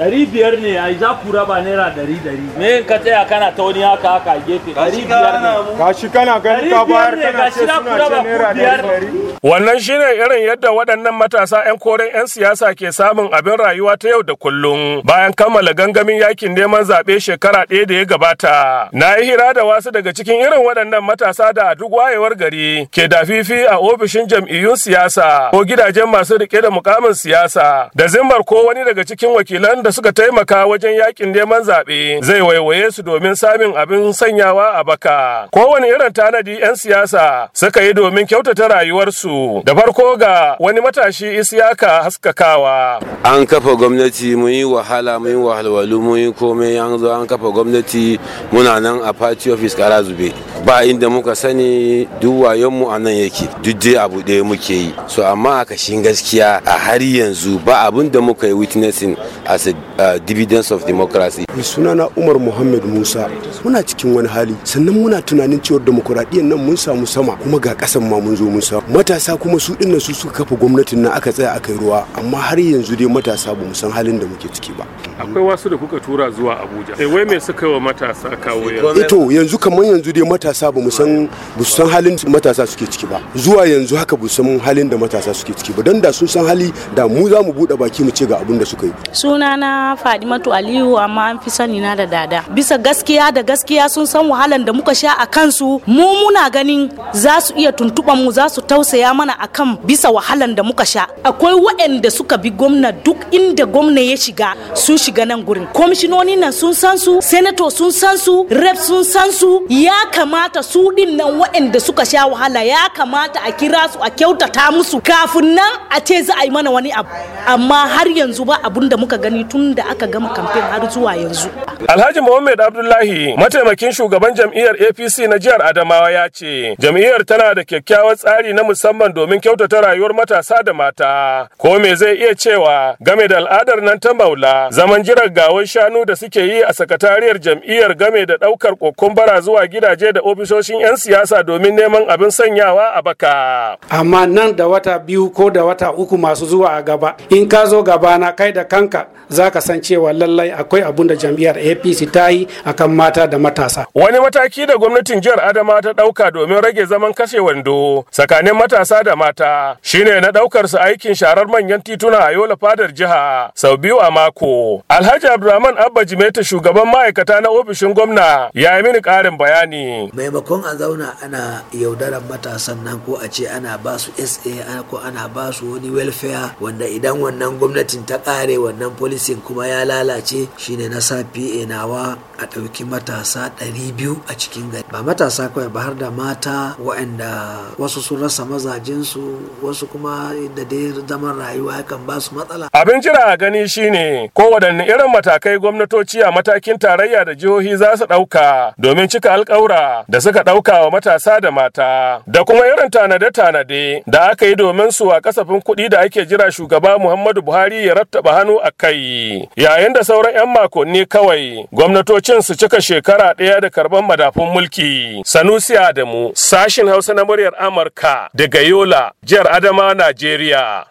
ɗari biyar ne za ku raba naira ɗari ɗari me ka tsaya kana ta haka haka gefe ɗari biyar ne kana gani ka bayar kana ce suna ce naira ɗari wannan shine irin yadda waɗannan matasa 'yan koren 'yan siyasa ke samun abin rayuwa ta yau da kullum bayan kammala gangamin yakin neman zaɓe shekara ɗaya da ya gabata na yi hira da wasu daga cikin irin waɗannan matasa da a duk wayewar gari ke dafifi a ofishin jam'iyyun siyasa ko gidajen masu riƙe da mukamin siyasa da zimmar ko wani daga cikin wakilan da waɗanda suka taimaka wajen yakin neman zaɓe zai waiwaye su domin samun abin sanyawa a baka. Kowane irin tanadi 'yan siyasa suka yi domin kyautata rayuwarsu da farko ga wani matashi isiyaka haskakawa. An kafa gwamnati mun yi wahala mu yi wahalwalu mun yi komai an an kafa gwamnati muna nan a party office kara zube. ba inda muka sani duwayenmu a nan yake duk dai abu ɗaya muke yi so amma a kashin gaskiya a har yanzu ba abin da muka yi witnessing as a uh, dividends of democracy sunana umar muhammad musa muna cikin wani hali sannan muna tunanin cewar demokuraɗiyyar nan mun samu sama kuma ga ƙasan ma mun zo mun samu matasa kuma su ɗin su suka kafa gwamnatin nan aka tsaya aka yi ruwa amma har yanzu dai matasa ba mu san halin da muke ciki ba akwai wasu da kuka tura zuwa abuja eh, wai me suka yi wa matasa kawo yanzu eh to yanzu kamar yanzu dai matasa matasa ba mu san halin matasa suke ciki ba zuwa yanzu haka ba san halin da matasa suke ciki ba don da sun san hali da mu za mu bude baki mu ce ga abun da suka yi sunana Fadimatu Aliyu amma an fi sani na da dada bisa gaskiya da gaskiya sun san wahalan da muka sha a kansu mu muna ganin za su iya tuntuɓa mu za su tausaya mana akan bisa wahalan da muka sha akwai waɗanda suka bi gwamna duk inda gwamna ya shiga sun shiga nan gurin kwamishinoni nan sun san su senator sun san su rep sun san su ya kamata kamata su din nan waɗanda suka sha wahala ya kamata a kira su a kyautata musu kafin nan a ce za a yi mana wani abu amma har yanzu ba abun da muka gani tun da aka gama kamfen har zuwa yanzu Alhaji Muhammad Abdullahi mataimakin shugaban jam'iyyar APC na jihar Adamawa ya ce jam'iyyar tana da kyakkyawan tsari na musamman domin kyautata rayuwar matasa da mata ko me zai iya cewa game da al'adar nan ta maula zaman jiran gawar shanu da suke yi a sakatariyar jam'iyyar game da ɗaukar kokumbara zuwa gidaje da ofishoshin 'yan siyasa domin neman abin sanyawa a baka. Amma nan da wata biyu ko da wata uku masu zuwa a gaba, in ka zo gaba na kai da kanka za ka san cewa lallai akwai abun da jam'iyyar APC ta yi a kan mata da matasa. Wani mataki da gwamnatin jihar Adama ta ɗauka domin rage zaman kashe wando tsakanin matasa da mata shine na ɗaukar su aikin sharar manyan tituna a Yola fadar jiha sau biyu a mako. Alhaji Abdulrahman Abba Jimeta shugaban ma'aikata na ofishin gwamna ya yi mini ƙarin bayani. maimakon a zauna ana yaudarar matasan nan ko a ce ana ba su sa ko ana ba su wani welfare wanda idan wannan gwamnatin ta kare wannan policing kuma ya lalace shine na sa pa nawa a ɗauki matasa 200 a cikin gari ba matasa kawai ba har da mata waɗanda wasu sun rasa mazajinsu wasu kuma da dai zaman rayuwa kan ba su matsala abin jira a gani shine waɗanne irin matakai gwamnatoci a matakin tarayya da jihohi za su ɗauka domin cika alƙawura da suka ɗauka wa matasa da mata da kuma irin tanade-tanade da aka yi domin su a kasafin kuɗi da ake jira shugaba Muhammadu Buhari ya rattaba hannu a kai yayin da sauran 'yan makonni kawai gwamnatocin su cika shekara ɗaya da karɓar madafun mulki Sanusi Adamu sashin Hausa na muryar Amurka daga Yola jihar Adama Najeriya